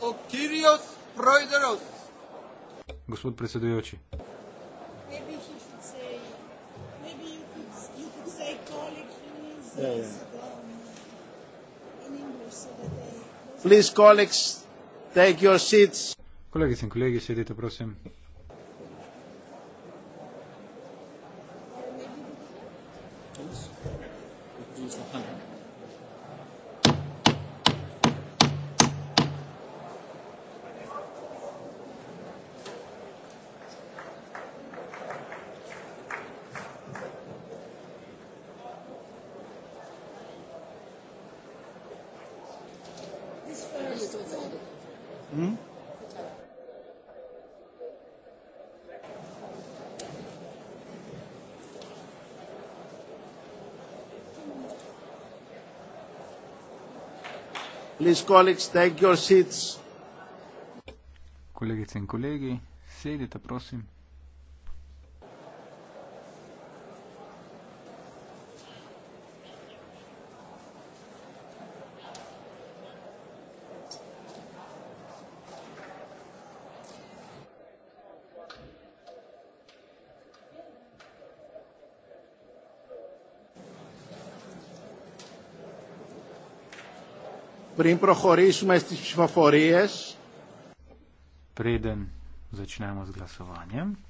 o Kirios Proideros. Gospod predsedujoči. Kolegice in kolegi, sedite prosim. Thank you. Hm? Please, colleagues, take your seats. Kolegice in kolegi, sedite, prosim. Preden proharesume stišva forejes. Preden začnemo z glasovanjem.